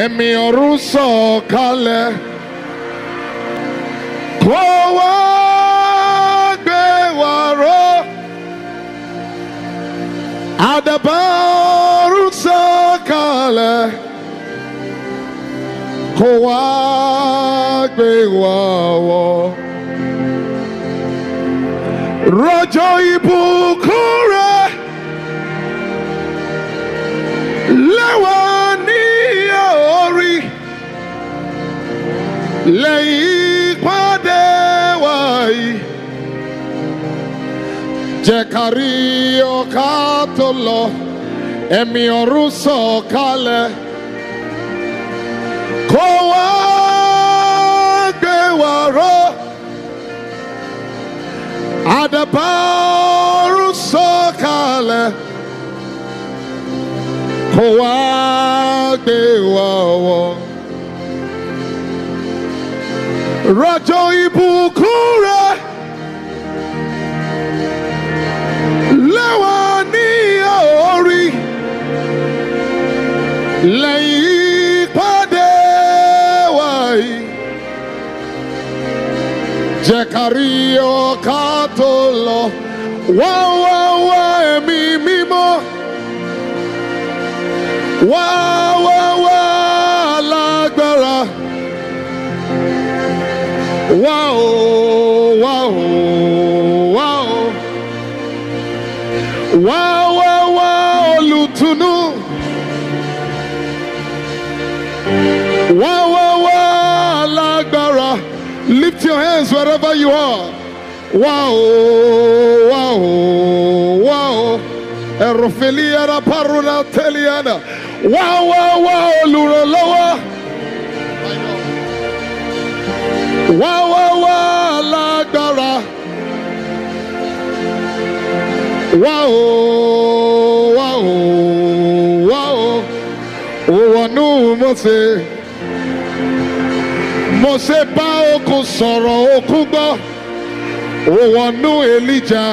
ẹ̀mí ọ̀run sọ̀kalẹ̀ kó wá gbé wa ró àdàbà ọ̀run sọ̀kalẹ̀ kó wá gbé wa wọ̀ rọ̀jò wo rojo ibuku. lẹ́yìn pàdé wáyé jẹ́ kárí ẹ̀mí oruso kale, kó wá gbé wá kale, àdàbà Rajo Ibukure lẹ́wà ní orí lẹ́yìn ìpàdé wáyé jẹ́ kárí ọ̀ká tó lọ wá wá wá Wow! Wow! Wow! Wow! Wow! Wow! Lutunu. wow! Wow! Wow! Lagbara. Lift your hands wherever you are. Wow! Wow! whoa. Erofeliana paruna teliana. Wow! Wow! whoa, Luraloa. wá wá wá lágbára wá o wá o wá o òwònú Mósè Mósè bá òkun sọ̀rọ̀ òkun gbọ́ òwònú Èlíjà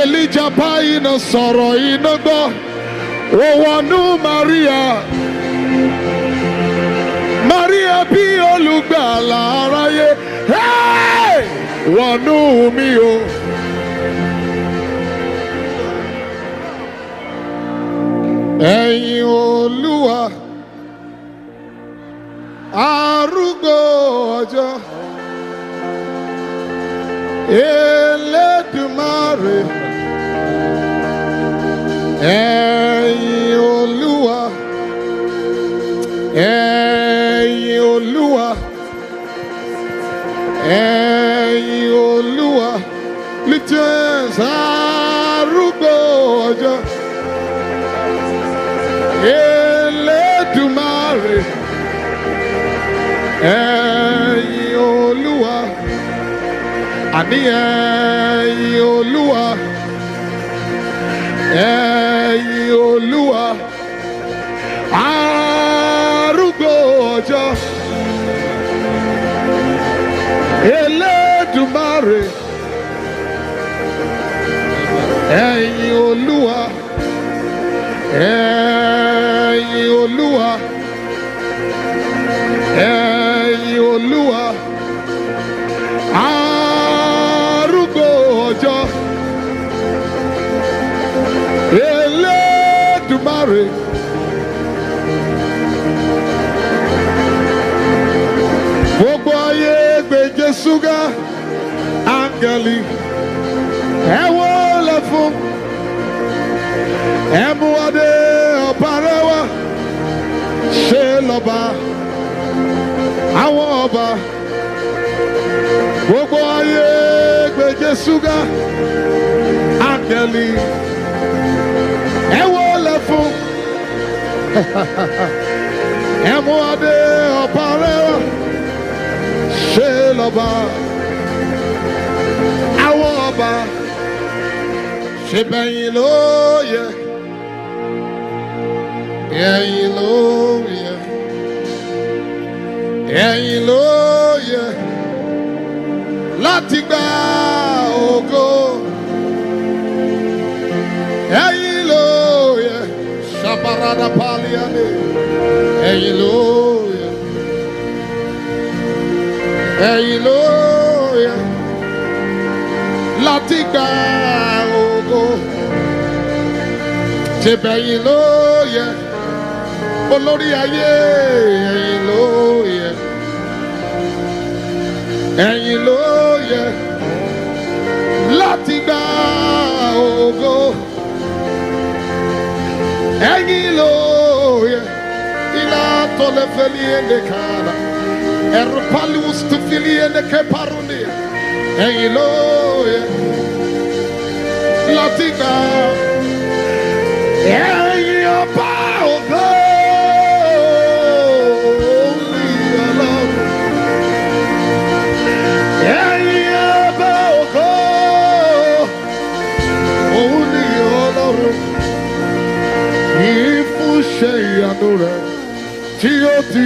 Èlíjà bá iná sọ̀rọ̀ iná gbọ́ òwònú Maria. Maria bí olùgbàlà aráyé wọnú mi o. Ẹ̀yin Olúwa arúgbó ọjọ́ Elédùmarè. Lift your hands. Arúgbó ọjọ́. Elédùmarè. Ẹ̀yin Olúwa. Àní ẹ̀yin Olúwa. Ẹ̀yin Olúwa. ẹ̀yin olúwa ẹ̀yin olúwa arúgbó ọjọ́ elédùmarè. gbogbo ayé gbèjé ṣúgà áńgẹ́lì ẹ wọ́n lọ fún ẹ adé. ọba àwọn ọba gbogbo ayé gbé Jésù ga áńgẹ́lì ẹ wólẹ̀ fún ẹ mú adé ọba rẹ ṣe lọ́ba àwọn ọba ṣe bẹ̀yìn lóye ẹ̀yìn lóye. ẹ̀yin ló yẹ láti gba ògo ẹ̀yin ló yẹ ṣàbàràdà pàlíyàlè ẹ̀yin ló yẹ ẹ̀yin ló yẹ láti gba ògo ṣèbẹ̀yìn ló yẹ olórí ayé ẹ̀yin ló yẹ ẹ̀yin ló yẹ láti gba ògo ẹ̀yin ló yẹ ilá tọ́lẹ̀ fẹ́lí ẹ̀ndẹ̀ kára ẹ̀rù paliwus tó fẹ́lí ẹ̀ndẹ̀ kẹ́parun ni ẹ̀yin ló yẹ láti gba. Yeah. ṣe ìyanu rẹ̀ ti.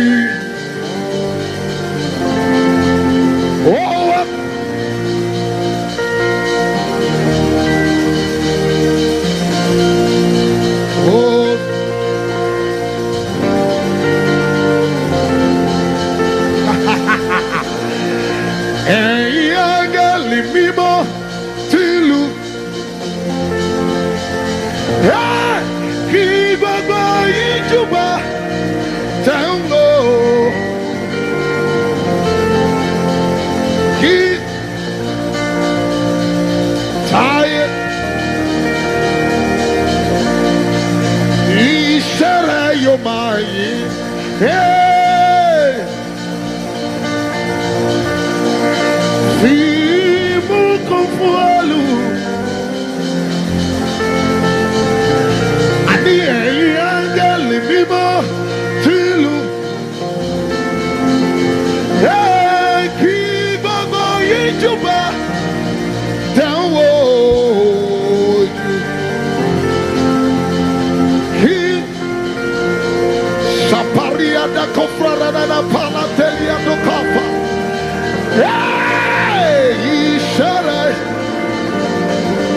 Hey, Ishara.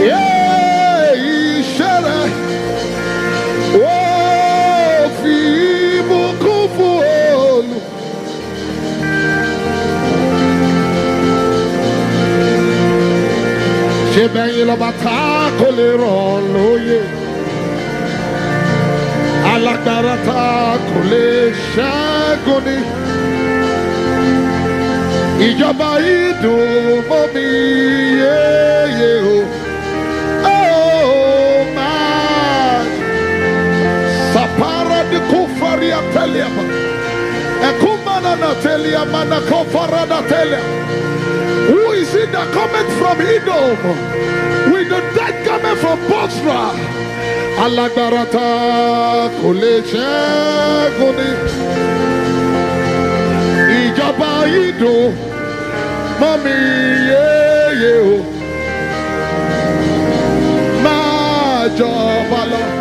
Yeah, Ishara. Oh, Fibu Kufun. Shebeyin lọba ta kò lè rọ̀ ìjọba yìí dùn fún mi oh, oh na mana who is it that cometh from Edom with the dead coming from Bosra Allah ta kò lè bàbá yìí dùn mọ́ mi yéye o máa jọba lọ.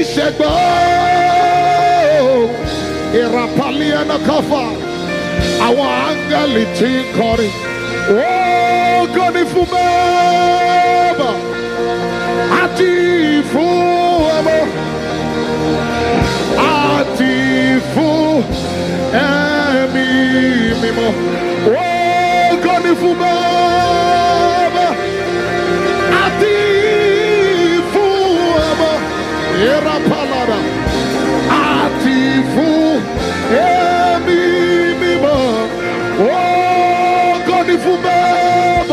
ìṣẹ́gbọ́ ìràpálẹ̀ ẹ̀nà kọfà àwọn áńgẹ́lì tí ń kọrin ògo ni fún bàbá àti fún àti fún ẹ̀mí Oh, ògo ni fún àti. era palada ativo é eh, mimimã o oh, codifume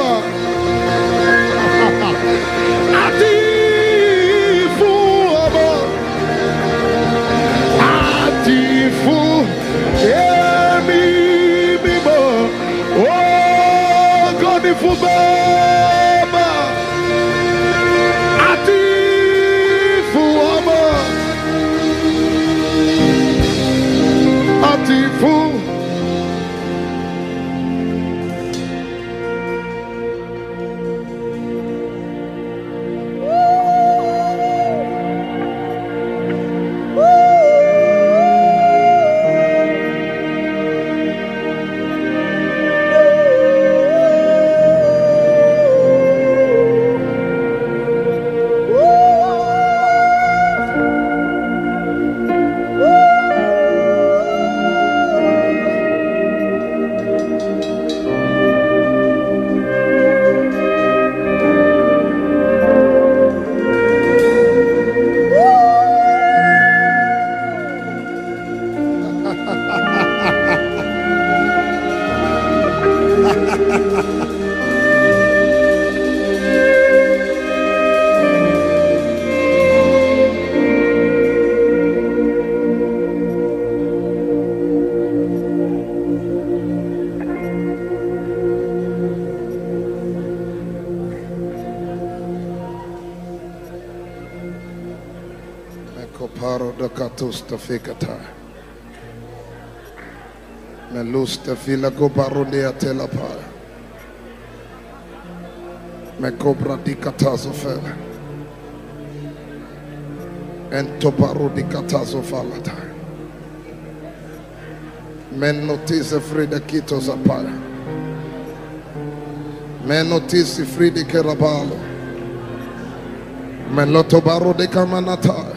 Koparo da katusta fikata. Melusta fila koparo dea telapa. Me cobra di katazofela. And toparo di katazofalata. Men notice Frida kito apart. Men notice Frida Kerabalo. Men lotobaro de Kamanata.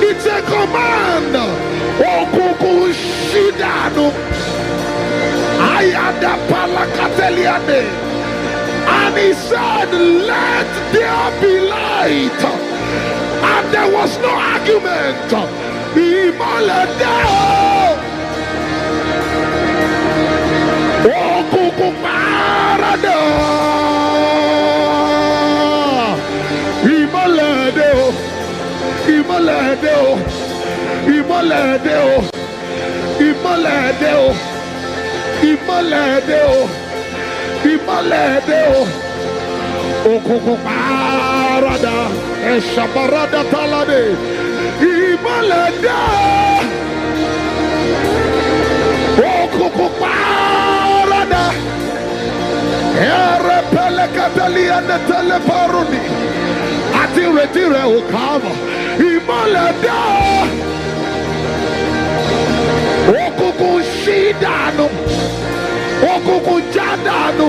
It's a command. Okuku Shidano. Ayada And he said, Let there be light. And there was no argument. Imalade. ìmọ́lẹ̀ o ìmọ́lẹ̀ o ìmọ́lẹ̀ o ìmọ́lẹ̀ o òkùnkùn pààràdà ẹ̀ṣàpàràdà táládé ìmọ́lẹ̀ èdè òkùnkùn pààràdà ẹ̀rẹ̀ pẹlẹkẹtẹlẹ ẹni tẹlẹ pàrọ̀ ni àti ìrètí rẹ̀ ò kàá mọ̀ o. dànù òkùnkùn já dànù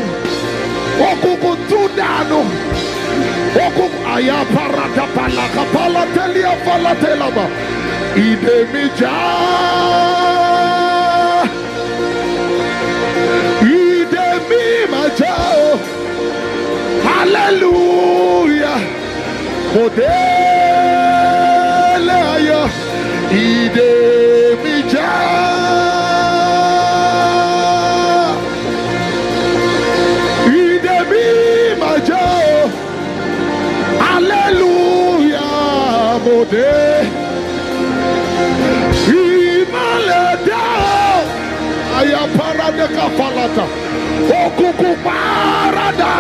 òkùnkùn tú dànù òkùnkùn àyà paradapala kapala tẹlẹ fọlá tẹlẹ bọ ìdè mi já. hallelujah, mo dé. Kaya parade kafalata. Okuku parada.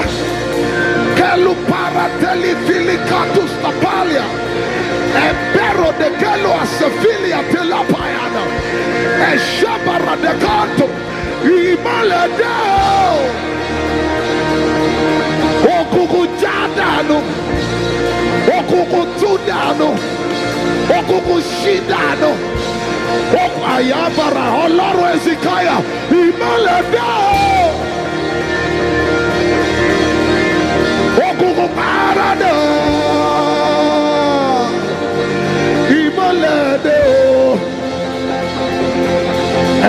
Kelu parateli filikatus tapalia. Empero de kelo asefilia telapayana. Eshabara de canto. Imaledeo. Okuku jadanu. Okuku tudanu. Okuku shidanu ayabara ọlọ́run ezikaya ìmọ̀lẹ̀ dá o. òkùnkùn pààrà dá ìmọ̀lẹ̀ dá o.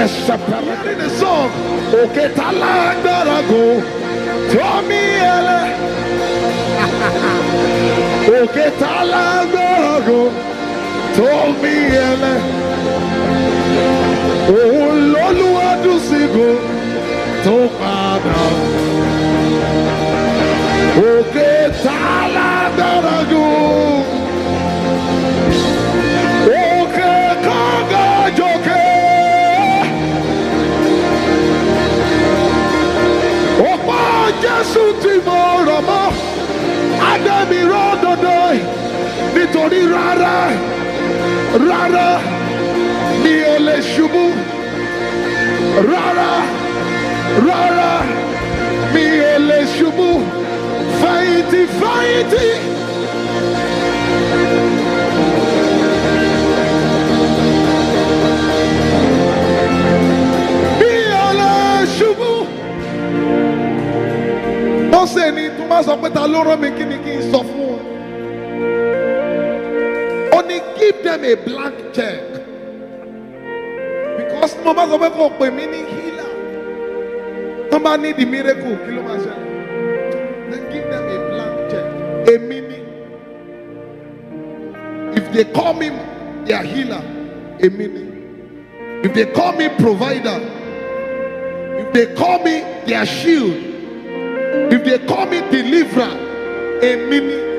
ẹsẹ̀ pẹ̀lú nínú sọ òkè tá lágbára kù tómi ẹlẹ. òkè tá lágbára kù tómi ẹlẹ òun lolúwadùn sígun tó padà òkè tá a lágbára jù òkè kọ́gà jòkè òpó Jésù tí mo rọ̀ mọ́ adẹ́mirọ́ dandan nítorí rárá rárá mi Rara, rara, mi ò lè ṣubú fẹ̀yìntì fẹ̀yìntì. mi ò lè ni tó máa sọ pé ta ló rán mi kí ni kí n sọ fún wọn. Ó ní give them a blank check. mo bá sọ pé kò pè mí ní healer. tó bá ní the miracle kí ló máa ṣẹlẹ̀ then give them a blank check èmi ní if they call me their healer èmi ní if they call me provider if they call me their shield if they call me deliverer èmi ní.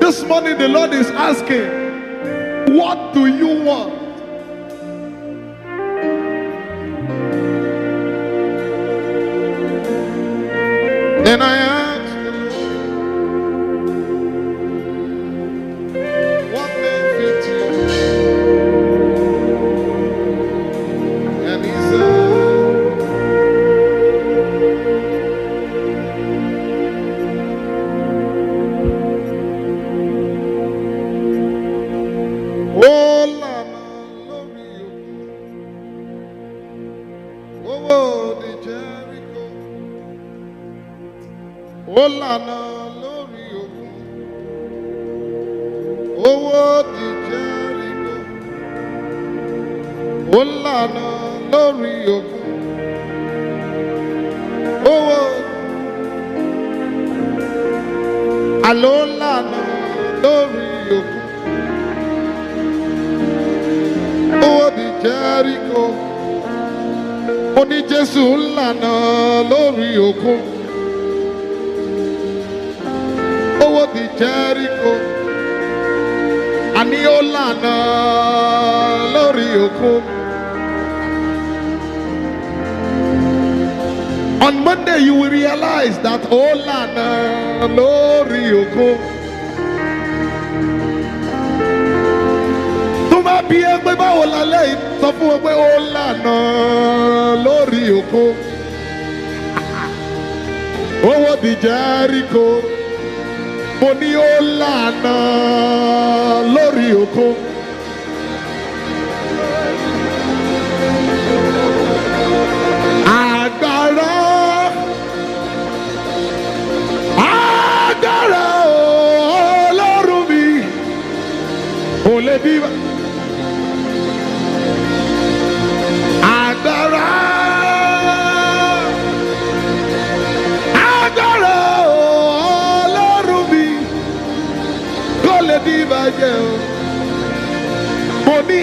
This morning, the Lord is asking, What do you want? Then I lànà lórí òkun owó àló lànà lórí òkun owó di Jẹ́ríkò mo ní Jésù lànà lórí òkun owó di Jẹ́ríkò àní ó lànà lórí òkun. On Monday, you will realize that Olana oh, Lorioko. Tó bá bí ẹ pé báwo lálẹ́ yìí sọ fún wọn pé Olana oh, Lorioko. Owó di Jẹ́ríkò. Mo ní Olana oh, Lorioko.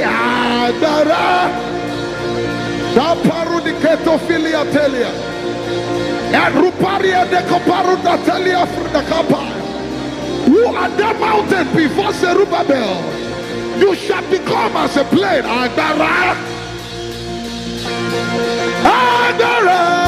Adara Taparu di Ketofilia Telia and Ruparia de Coparu da Telia Fruda Kapa. Who are the mountain before Zerubbabel? You shall become as a plain Adara. Adara.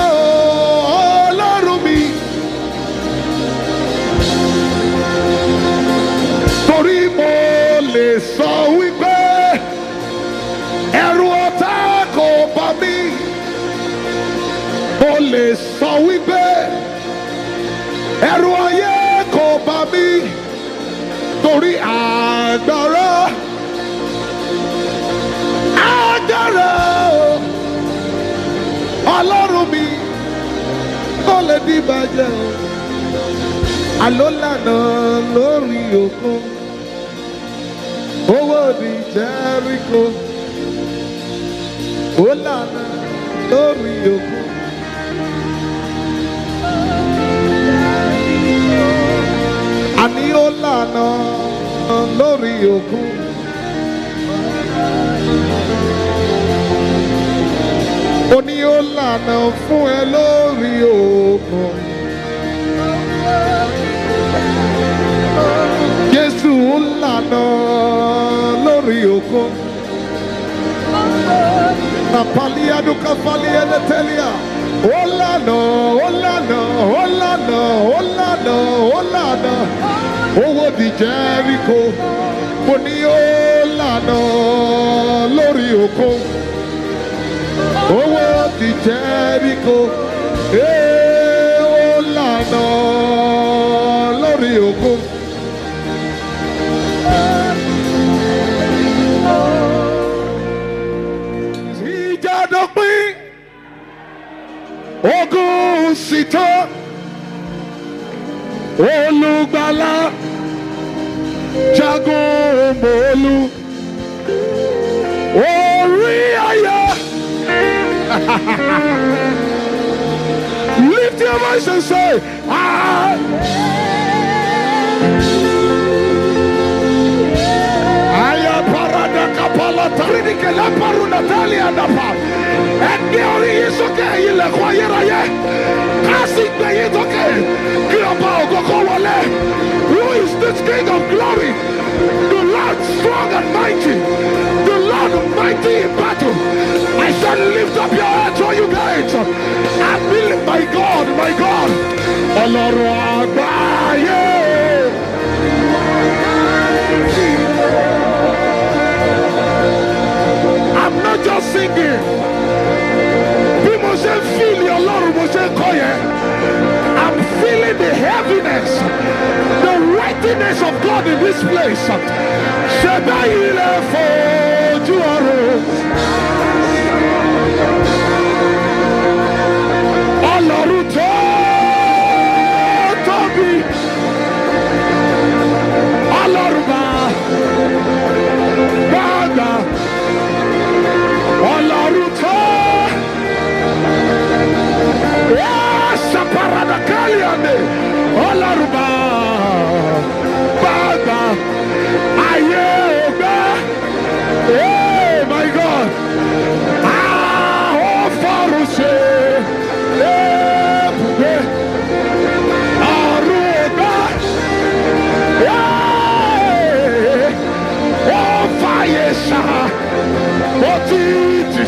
lè sọ wípé ẹrù ayé kò bá mi torí agbára agbára ọlọ́run mi kò lè di bàjẹ́ àló lànà lórí òkun owó di Jẹ́ríkò ó lànà lórí òkun. àní ó lànà lórí òkun. ó ní ó lànà fún ẹ lórí òkun. Jésù ń lànà lórí òkun. Napalia dukafalia letelia ó lànà ó lànà ó lànà ó lànà ó lànà owó di Jẹ́ríkò mo ní ó lànà lórí òkun owó di Jẹ́ríkò ó lànà. ogún sì tó olùgbàlà jagun mòólù orí ayé. Lift your voice and say, ah. Endeavoring the Who is this King of glory? The Lord strong and mighty. The Lord mighty in battle. I shall lift up your head for you guys. I believe my God, my God. Olorua Baye not just singing bí mo ṣe ń fíìlì ọlọ́run mo ṣe ń yẹn i'm feeling the heaviness the weightiness of God in this place ṣe báyìí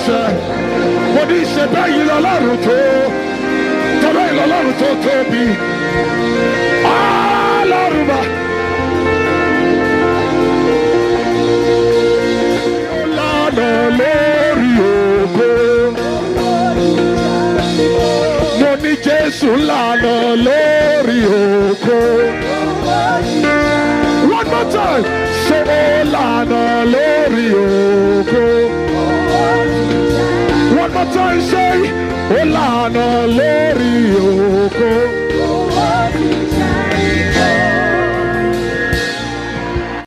sẹ́ mo ní ṣe báyìí lọ́lọ́run tó tó báyìí tó tóbi ọlọ́run bá. Jésù lànà lórí ògo one more time ṣé ó lànà lórí ògo ṣe ó lànà lórí òkú.